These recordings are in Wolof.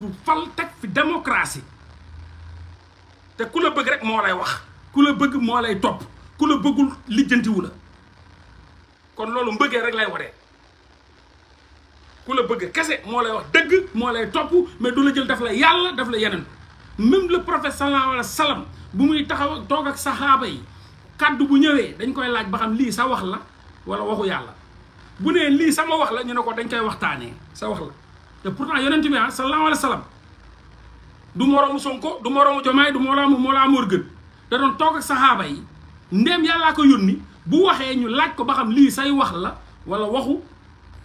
bu fal teg fi démocratie te ku la bëgg rek moo lay wax ku la bëgg moo lay topp ku la bëggul lijjantiwu la kon loolu mbëggee rek lay waree ku la bëgg kese moo lay wax dëgg moo lay topp mais du la jël daf la yàlla daf la yeneen même le prophète sallallahu alayhi bu muy taxaw toog ak saxaaba yi kàddu bu ñëwee dañ koy laaj ba xam lii sa wax la wala waxu yàlla bu nee lii sama wax la ñu ne ko dañ koy waxtaanee sa wax la te pourtant yonent bi ah sallallahu alayhi wa sallam du moroomu Sonko du moroomu Jomaay du moo Mollah Morgun da doon toog ak saxaaba yi ndéem yàllaa ko yónni bu waxee ñu laaj ko ba xam lii say wax la wala waxu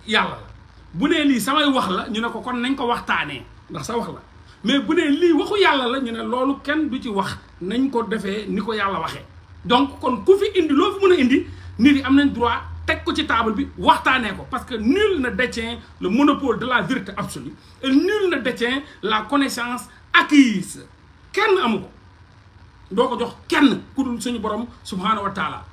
yàlla la bu nee lii samay wax la ñu ne ko kon nañ ko waxtaanee ndax sa wax la mais bu nee lii waxu yàlla la ñu ne loolu kenn du ci wax nañ ko defee ni ko yàlla waxee donc kon ku fi indi loo fi mën a indi nit yi am nañ droit teg ko ci table bi waxtaanee ko parce que nul ne détient le monopole de la vérité absolue et nul na détient la connaissance acquise kenn amu ko doo ko jox kenn ku suñu borom subhaanahu wa taala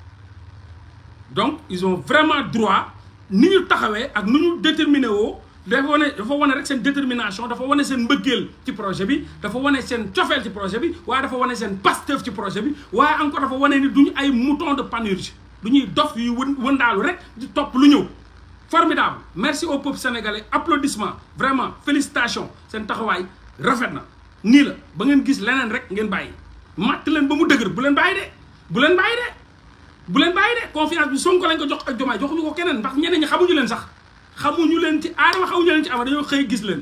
donc ils ont vraiment droit ni ñu taxawee ak nu ñu déterminé woo dafa wane dafa wane rek seen détermination dafa wane seen mbëggeel ci projet bi dafa wane seen cofeel ci projet bi waaye dafa wane seen pastef ci projet bi waaye encore dafa wane ni duñu ay mouton de panurge du ñuy dof yu wën wëndaalu rek topp lu ñëw formidable merci au peuple sénégalais applaudissement vraiment félicitation seen taxawaay rafet na nii la ba ngeen gis leneen rek ngeen bàyyi matt leen ba mu dëgër bu leen bàyyi de bu leen bàyyi de bu leen bàyyi de confiance bi Sonko lañ ko jox ak Diomaye joxuñu ko keneen ndax ñeneen ñi xamuñu leen sax xamuñu leen ci aadama xamuñu leen ci a dañoo xëy gis leen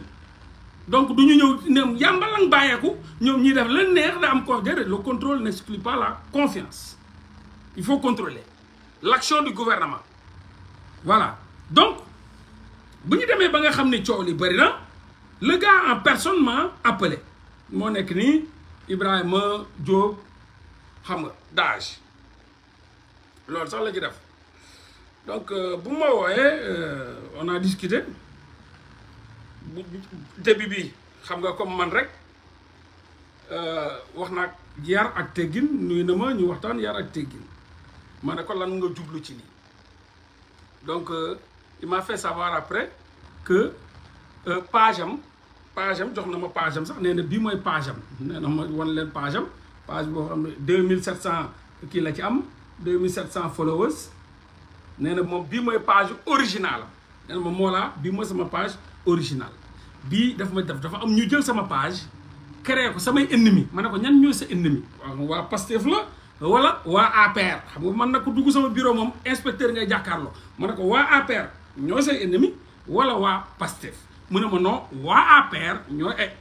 donc du ñu ñëw ñoom yàmbalang bàyyeeku ñoom ñuy def leen neex da am ko déedéet le contrôle n'exclut pas la confiance il faut contrôler l'action du gouvernement voilà donc bu ñu demee ba nga xam ni coow li bëri na le un personnement personne moo nekk nii Ibrahima Diop xam nga daage loolu sax la ci def donc euh, bu ma wooyee euh, on a discuté bu début bi xam nga comme man rek euh, wax naag yar ak teggin nuyu na ma ñu waxtaan yar ak teggin ma ne ko lan nga jublu ci lii donc euh, il m'a fait savoir après que euh, page am jox na ma page am sax nee na bii mooy page am nee na ma wan leen page am boo xam ne deux mille sept cent kii la ci am deux mille sept cent followers nee na moom bii mooy page original am nee ma moolaa bii mooy sama page original bii daf ma def dafa am ñu jël sama page créé ko samay ennemi ma ne ko ñan ñooy sa ennemi waaw waa Pastef la wala waa APR xam nga man na ko dugg sama bureau moom inspecteur ngay jàkkaarloo ma ne ko waa APR ñooy say ennemi wala waa PASTEF mu ne ma non waa APR ñooy ay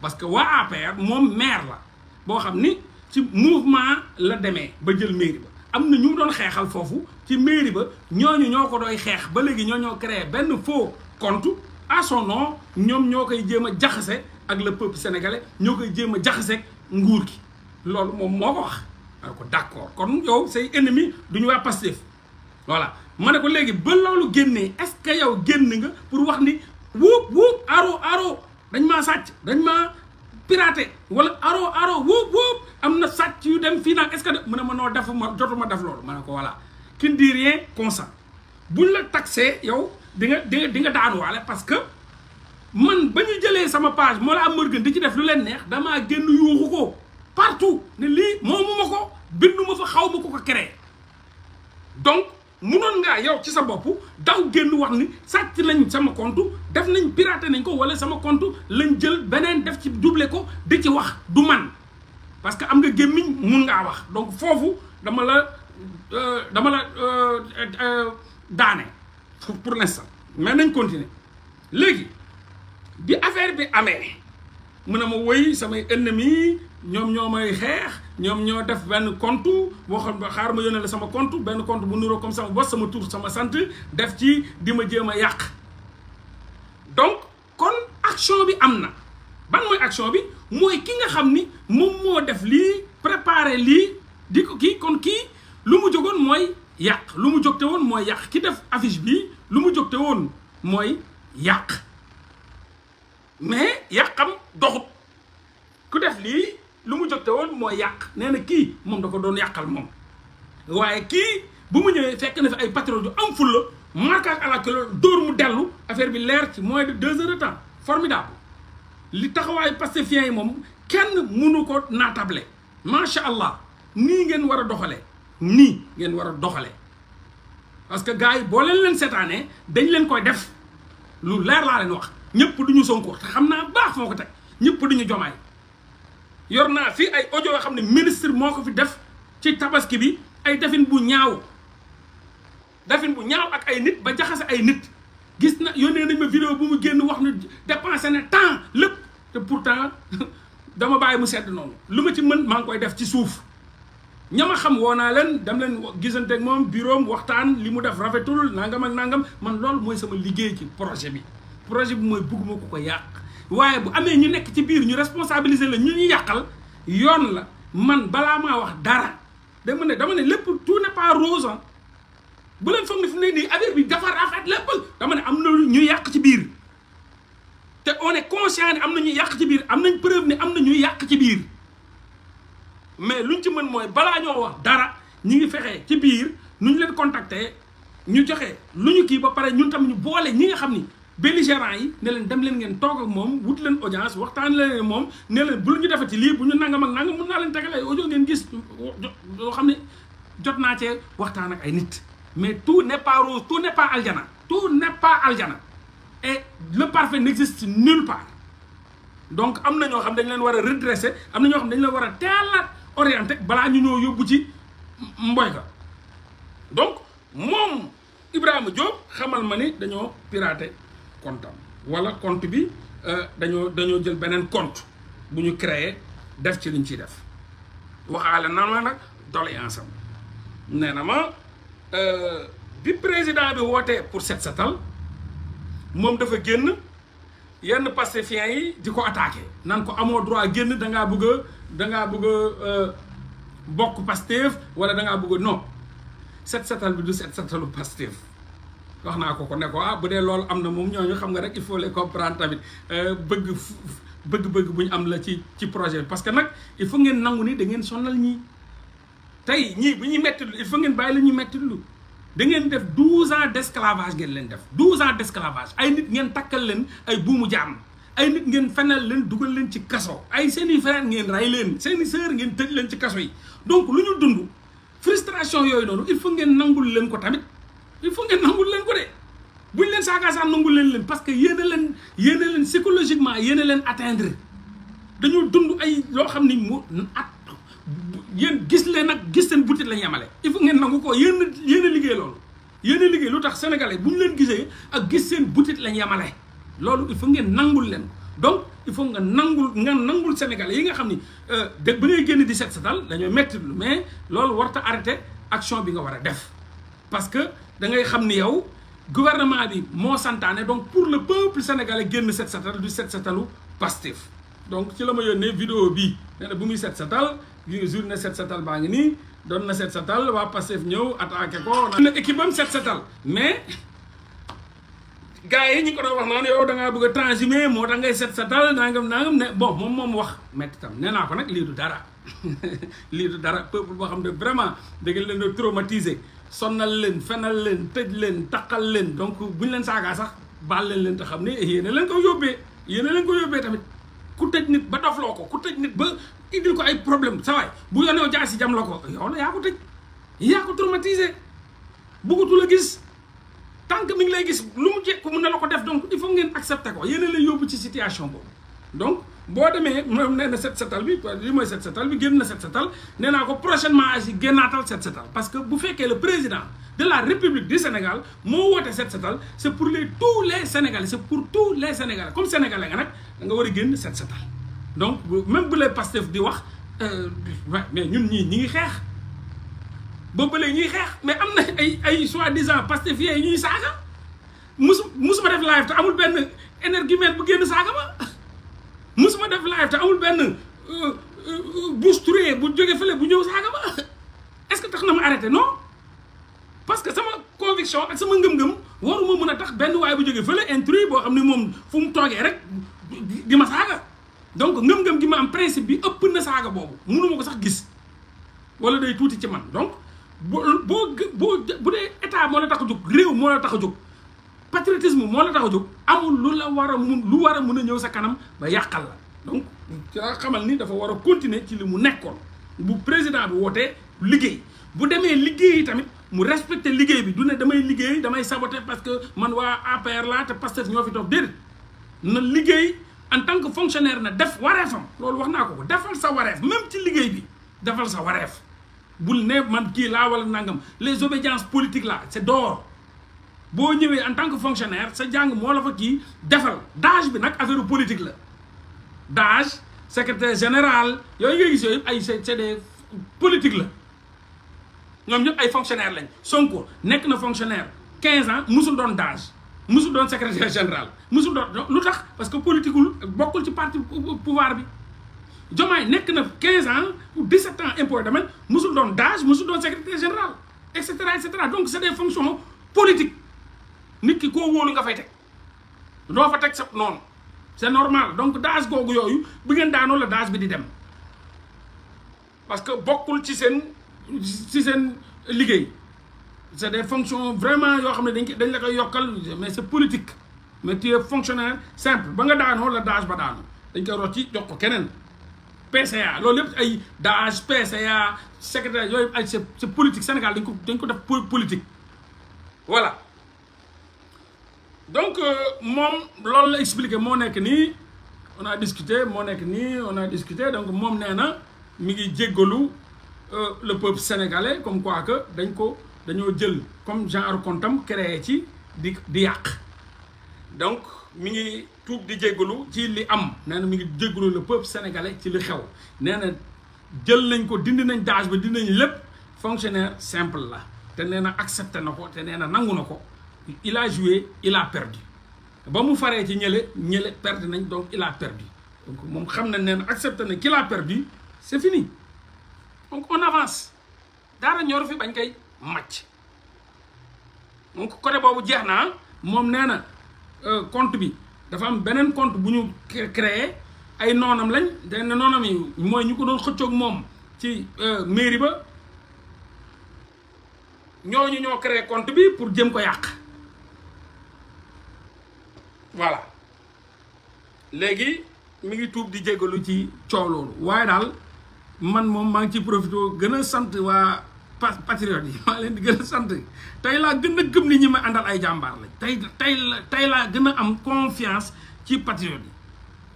parce que waa APR moom maire la boo xam ni ci mouvement la demee ba jël mairie ba am na ñu doon xeexal foofu ci mairie ba ñooñu ñoo ko dooy xeex ba léegi ñoo ñoo créé benn foo compte à son ñoom ñoo koy jéem a jaxase ak le peuple sénégalais ñoo koy jéem a jaxase nguur gi. loolu moom moo ko wax ma ne ko d'accord kon yow say ennemi du ñu waa Pastef voilà ma ne ko léegi ba loolu génnee est-ce que yow génn nga pour wax ni wuub wuub aro aro dañ maa sàcc dañ maa piraté wala aro aro wuub wuub am na sàcc yu dem fii nag est-ce que mu ne ma noo ma jotuma def loolu ma ko voilà qui ne dit rien consent buñ la taxé yow di nga di nga di nga daanuwaale parce que man ba ñu jëlee sama page moo la am mërgën di ci def lu leen neex damaa génn yuuxu ko partout ne lii moomu ma ko bindu ma fa xaw ma ko ko créé donc munoon ngaa yow ci sa bopp daw génn wax ni sàcc nañ sama compte def nañ piraté nañ ko wala sama compte lañ jël beneen def ci doublé ko di ci wax du man parce que am nga gémmiñ mun ngaa wax donc foofu dama la euh, dama la euh, euh, daane pour l'instant mais nañ continuer léegi bi affaire bi amee mun a ma woy samay ennemis ñoom ñoo may xeex ñoom ñoo def benn compte boo xam xaar ma yónnee la sama compte benn compte bu nuroo comme sama bos sama tour sama sant def ci di ma jéem a yàq donc kon action bi am na ban mooy action bi mooy ki nga xam ni moom moo def lii préparé lii di ko kii kon kii lu mu jógoon mooy yàq lu mu jógte woon mooy yàq ki def affiche bi lu mu jógte woon mooy yàq mais yàqam doxut ku def lii lu mu jógte woon mooy yàq nee na kii moom da ko doon yàqal moom waaye kii bu mu ñëwee fekk na fi ay patron yu am fulla marquage à la couleur mu dellu affaire bi leer ci mooy de deux heures de temps formidable li taxawaayu pastefiens yi moom kenn mënu ko naatable macha allah nii ngeen war a doxalee nii ngeen war a doxalee parce que gars yi boo leen leen seetaanee dañ leen koy def lu leer laa leen wax ñëpp du ñu Sonko te xam naa baax foo ko teg ñëpp du ñu jomaay yor naa fi ay ojo yoo xam ne ministre moo ko fi def ci tabaski bi ay defin bu ñaaw defin bu ñaaw ak ay nit ba jaxase ay nit gis na yónnee nañ ma vidéo bu mu génn wax ni dépensé na temps lépp te pour temps dama bàyyi mu sedd noonu lu ma ci mën maa ngi koy def ci suuf ñama xam woo naa leen dem leen gisante ak moom bureau waxtaan li mu def rafetul nangam ak nangam man loolu mooy sama liggéey ci projet bi projet bi mooy bugguma ko ko yàq waaye bu amee ñu nekk ci biir ñu responsabiliser la ñu ñu yàqal yoon la man balaa maa wax dara dama ne dama ne lépp tout ne pas rose bu leen foog ne fu mu nii affaire bi dafa rafet lépp dama am na ñu yàq ci biir te on est conscient am na ñu yàq ci biir am nañ preuve ni am na ñu yàq ci biir mais luñ ci mën mooy balaa ñoo wax dara ñu ngi fexe ci biir nu ñu leen contacter ñu joxe lu ñu kii ba pare ñun tam ñu boole ñi nga xam ni belligérants yi ne leen dem leen ngeen toog ak moom wut leen audience waxtaan leen moom ne leen bu lu ñu defee ci lii bu ñu nangam ak nangam mun naa leen tegal ay audio ngeen gis loo xam ne jot naa cee waxtaan ak ay nit mais tout n'est pas rose tout n'est pas aljana tout n'est pas aljana et le parfait nexist nulle part donc am na ñoo xam dañ leen war a redresser am na ñoo xam dañ leen war a teelaat orienté balaa ñu ñoo yóbbu ci mboy ga donc moom Ibrahima Diop xamal ma ni dañoo piraté compte am wala compte bi euh, dañoo dañoo jël beneen compte bu ñu créer def ci luñ ciy def waxaale na ma nag doléance am nee na ma euh, bi président bi wootee pour set setal moom dafa génn yenn pastefiens yi di ko attaqué nan ko amoo droit génn dangaa bëgg a dangaa bëgg a euh, bokk Pastef wala dangaa bëgg a non set setal bi du set setalu Pastef wax naa ko ko ne ko ah bu dee loolu am na moom ñoo ñooñu xam nga rek il faut les comprendre tamit euh, bëgg bëgg-bëgg bu ñu am la ci ci projet parce que nag il faut ngeen nangu nii da ngeen sonal ñii tey ñii bu ñuy metti il faut ngeen bàyyi la ñuy metti lu da ngeen def 12 ans d' esclavage ngeen leen def 12 ans d' esclavage ay nit ngeen takkal leen ay buumu jaam ay nit ngeen fenal leen dugal leen ci kaso ay seen i frère ngeen rey leen seen i ngeen tëj leen ci kaso yi donc lu ñu dund frustration yooyu noonu il faut ngeen nangul leen ko tamit il faut ngeen nangul leen ko de buñ leen saaga sax nangul leen leen parce que yéene a leen leen psychologiquement yéen leen atteindre dañoo dund ay loo xam ni mu at yéen gis leen nag gis seen butit lañ yemale. il faut ngeen nangu ko yéen a yéen a liggéey loolu yéen a liggéey lu leen gisee ak gis seen butit lañ yemale loolu il faut ngeen nangul leen donc il faut nga nangul nga nangul sénégalais yi nga xam ni euh, dëgg ba ngay génn di set sa dal dañoo métti lu mais loolu warta arrêté action bi nga war a def da ngay xam ni yow guvernement bi moo santaane donc pour le peuple sénégalais génn set setal du set setalu Pastef donc ci la ma yónnee vidéo bii nee na bu muy set setal journée set setal baa ngi nii doon na set setal waa Pastef ñëw attaqué ko. na équipe am set setal mais gaa yi ñu ko doon wax naan yow da ngaa bëgg a transhumer moo tax ngay set setal nangam nangam ne bon moom moom wax métti tam naa ko nag lii du dara lii du dara peuple boo xam ne vraiment da ngeen leen di sonnal leen fenal leen tëj leen taqal leen donc buñ leen saagaa sax baal leen leen te xam ne yéen a leen ko yóbbee yéen leen ko yóbbee tamit ku tëj nit ba dofloo ko ku tëj nit ba indil ko ay problème sa waay bu yoneew jaasi jam la ko yow la yaa ko tëj yaa ko traumatisé bëggatul a gis tant que lay gis lu mu jekku mun na la ko def donc il faut ngeen accepté ko yéen a yóbbu ci situation boobu donc boo demee moom nee na set setal bi li mooy set setal bi génn na set setal nee naa ko prochainement asi génnaatal set setal parce bu fekkee le président de la république du Sénégal moo woote set setal c' pour les tous les sénégalais c' pour tous les sénégalais comme sénégalais nga nag nga war a génn set setal donc même bu lay Pastef di wax euh, mais ñun ñii ñi ngi xeex boobu ba léegi ñuy xeex mais am na ay ay soi-disant pastefiens yi ñuy saaga musu musuma def live amul benn énergumène bu génn saaga ma def live te amul benn euh, euh, euh, bousturé bu jóge fële bu ñëw saaga ma est-ce que tax na ma arrêté non parce que sama conviction ak sama ngëm-ngëm waruma mën a tax benn waay bu jóge fële intrus boo xam ne moom fu mu toogee rek di ma saaga donc ngëm gi ma am principe bi ëpp na saaga boobu mënuma ko sax gis wala day tuuti ci man donc boo boo boo bu dee état moo la tax a jóg réew moo la tax a jóg patriotisme moo la tax a amul lu la war lu war a mun a ñëw sa kanam ba yàqal la donc ci la xamal ni dafa war a continuer ci li mu nekkoon bu président bi wootee liggéey bu demee liggéey tamit mu respecté liggéey bi du ne damay liggéey damay saboté parce que man waa APR laa te Pastef ñoo fi toog déedéet na liggéey en tant que fonctionnaire na def wareefam loolu wax naa ko ko defal sa wareef même ci liggéey bi defal sa wareef bul ne man kii laa wala nangam les obédiences politiques la c'est dehors boo ñëwee en tant que fonctionnaire sa jàng fa kii defal daaj bi nag affaire politique la Daesh secretaire général yooyu nga gis yooyu ay c'est des politique la ñoom ñëpp ay fonctionnaire lañ Sonko nekk na fonctionnaire quinze ans musul doon Daesh musul doon secrétaire général musul doon lu tax parce que politiqueul bokkul ci parti pouvoir bi Diomaye nekk na 15 ans ou 17 ans impôt domaine musul doon Daesh musul doon secrétaire général et cetera et cetera donc c'est des fonctions politiques nit ki koo woolu nga fay teg doo fa teg sa noonu. c'est normal donc daas googu yooyu bi ngeen daanoo la daas bi di dem parce que bokkul ci seen ci seen liggéey c'est de fonctions vraiment yoo xam ne dañ dañ la koy yokkal mais c'est politique mais tu es fonctionnaire simple ba nga daanoo la daas ba daanoo dañ koy rocci jox ko keneen PCA loolu yëpp ay daas PCA secrétaire yooyu ay c'est politique Sénégal dañ ko dañ ko def politique voilà donc euh, moom loolu la expliqué moo nekk nii onaa a discuté moo nekk nii on a discuté donc moom nee na mi ngi jéggalu euh, le peuple sénégalais comme quoi que dañ ko dañoo jël comme genre comptam créé ci di di yàq donc mi ngi tuub di jéggalu ci li am nee na mi ngi jéggalu la peuple sénégalais ci li xew nee na jël nañ ko dindi nañ daaj ba dindi nañ lépp fonctionnaire simple la te nee na accepté na ko te nee na nangu na ko il a joué il perdu ba mu faree ci ñële ñële perdre nañ donc il a perdu donc moom xam na ne accepté na qu'il a perdu c'est fini donc on avance dara ñor fi bañ koy màcc donc côté boobu jeex naa moom nee na euh, compte bi dafa am beneen compte bu ñu créé ay noonam lañ de ne noonam yi mooy ñu ko doon xëccook moom ci euh, mairie ba ñooñu ñoo créé compte bi pour jëm ko yàq voilà léegi mu ngi tuub di jégalu ci coow loolu waaye daal man moom maa ngi ci profité gën a sant waa patriote yi maa leen di gën a sant tey laa gën a gëm ni ñi ma àndal ay jàmbaar lañ tey tey tey laa gën a am confiance ci patriote yi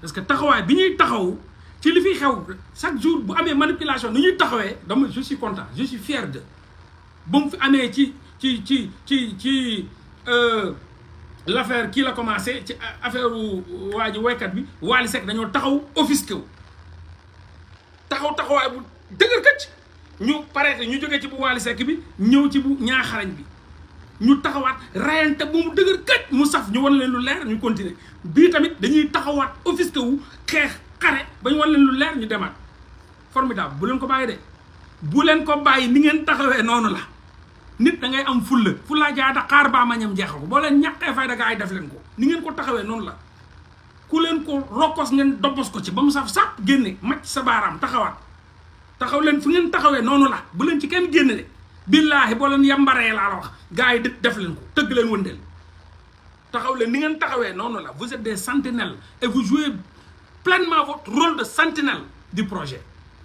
parce que taxawaay bi ñuy taxaw ci li fi xew chaque jour bu amee manipulation nu ñuy taxawee dama je suis content je suis fier de ba mu fi amee ci ci ci ci ci euh, l'affaire kii la commencé ci affaire waa ji woykat bi Wally Seck dañoo taxaw offisqué wu taxaw taxawaay bu dëgër këcc ñu pareete ñu jóge ci bu Wally Seck bi ñëw ci bu ñaaxarañ bi ñu taxawaat rayante bu mu dëgër këcc mu saf ñu wan leen lu leer ñu continuer bii tamit dañuy taxawaat offisqué wu xeex xare ba ñu wan leen lu leer ñu demaat formidable bu leen ko bàyyi de bu leen ko bàyyi ni ngeen taxawee noonu la nit dangay am fulla fulla jaa da xaar baa mañam jeexal ko boo leen ñàqee fayda gaa def leen ko ni ngeen ko taxawee noonu la ku leen ko rokkos ngeen doppos ko ci ba mu saf sàpp génne macc sa baaraam taxawaat taxaw leen fu ngeen taxawee noonu la bu leen ci kenn génne de billaahi boo leen yambaree laa la wax gaa yi def leen ko tëgg leen wëndeel taxaw leen ni ngeen taxawee noonu la vous êtes des sentinelles et vous jouez pleinement votre rôle de sentinelle du projet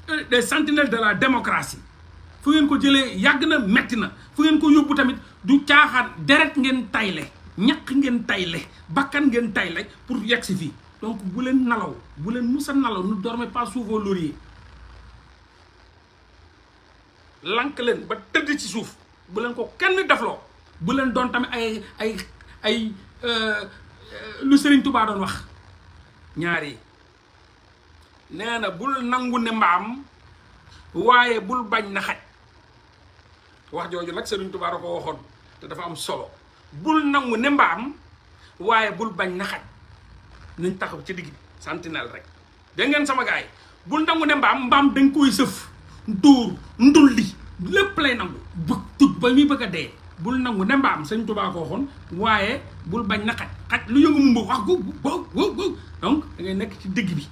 euh, des sentinelles de la démocratie fu ngeen ko jëlee yàgg na metti na fu ngeen ko yóbbu tamit du caaxaan deret ngeen tayle ñaq ngeen tayle bakkan ngeen tayle pour yegg si fii donc bu leen nalaw bu leen musa nalaw ne dormez pas sous vos lauriers lank leen ba tëdd ci suuf bu leen ko kenn defloo bu leen doon tamit ay ay euh, euh, lu Serigne Touba doon wax ñaar yi nee na bul nangu ne mbaam waaye bul bañ na xaj wax jooju nag Sëriñ Tuubaa da ko waxoon te dafa am solo bul nangu ne mbaam waaye bul bañ na naxaj nañ taxaw ci digg sentinelle rek dégg ngeen sama gaay bul nangu ne mbaam mbaam dañ koy sëf dóor ndulli lépp lay nangu bëgg tut ba muy bëgg a dee bul nangu ne mbaam Sëriñ Tuubaa ko waaye bul bañ naxaj xaj lu yëngu mu wax go donc da nekk ci digg bi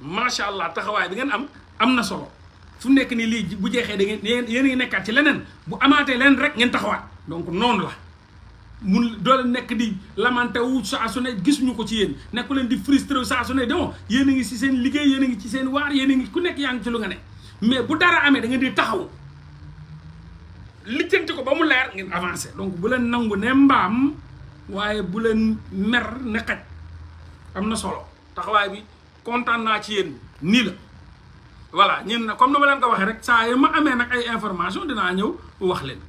macha allah taxawaay bi ngeen am am na solo su nekk ni lii bu jeexee da ngeen yéen ngi nekkaat ci leneen bu amaatee leneen rek ngeen taxawaat donc noonu la mun doo nekk di lamante wu saa su ne gisuñu ko ci yéen nekku leen di frustré saa su ne demoo yéen a ngi si seen liggéey yéen a ngi ci seen waar yéen ngi ku nekk yaa ngi ci lu nga mais bu dara amee da ngeen di taxaw lijjanti ko ba mu leer ngeen avancé donc bu leen nangu ne mbaam waaye bu leen mer ne xaj am na solo taxawaay bi kontaan naa ci yéen nii voilà na comme nu ma leen ko waxee rek saa yu ma amee nag ay information dinaa ñëw wax leen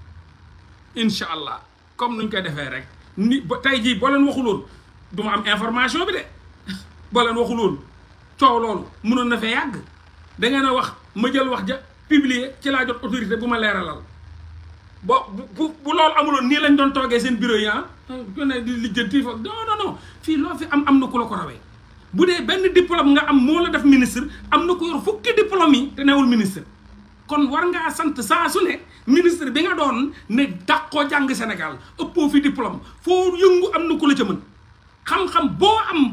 incha allah comme nuñ koy defee rek ni ba tey jii boo leen waxuloon du ma am information bi de boo leen waxuloon coow loolu mënoon na fee yàgg dangeen a wax ma jël wax ja publier ci laa jot autorité bu ma leeralal bo bu bu loolu amuloon nii lañ doon toogee seen bureau yi ah ku ne di lijjanti foog non non fii loo fi am am na ku la ko rawee. bu dee benn diplôme nga am moo la def ministre am na ko yor fukki diplôme yi te newul ministre kon war ngaa sant saa su ne ministre bi nga doon ne dàqoo jàng Sénégal ëppoo fi diplôme foo yëngu am na ku la ca mën xam-xam boo am.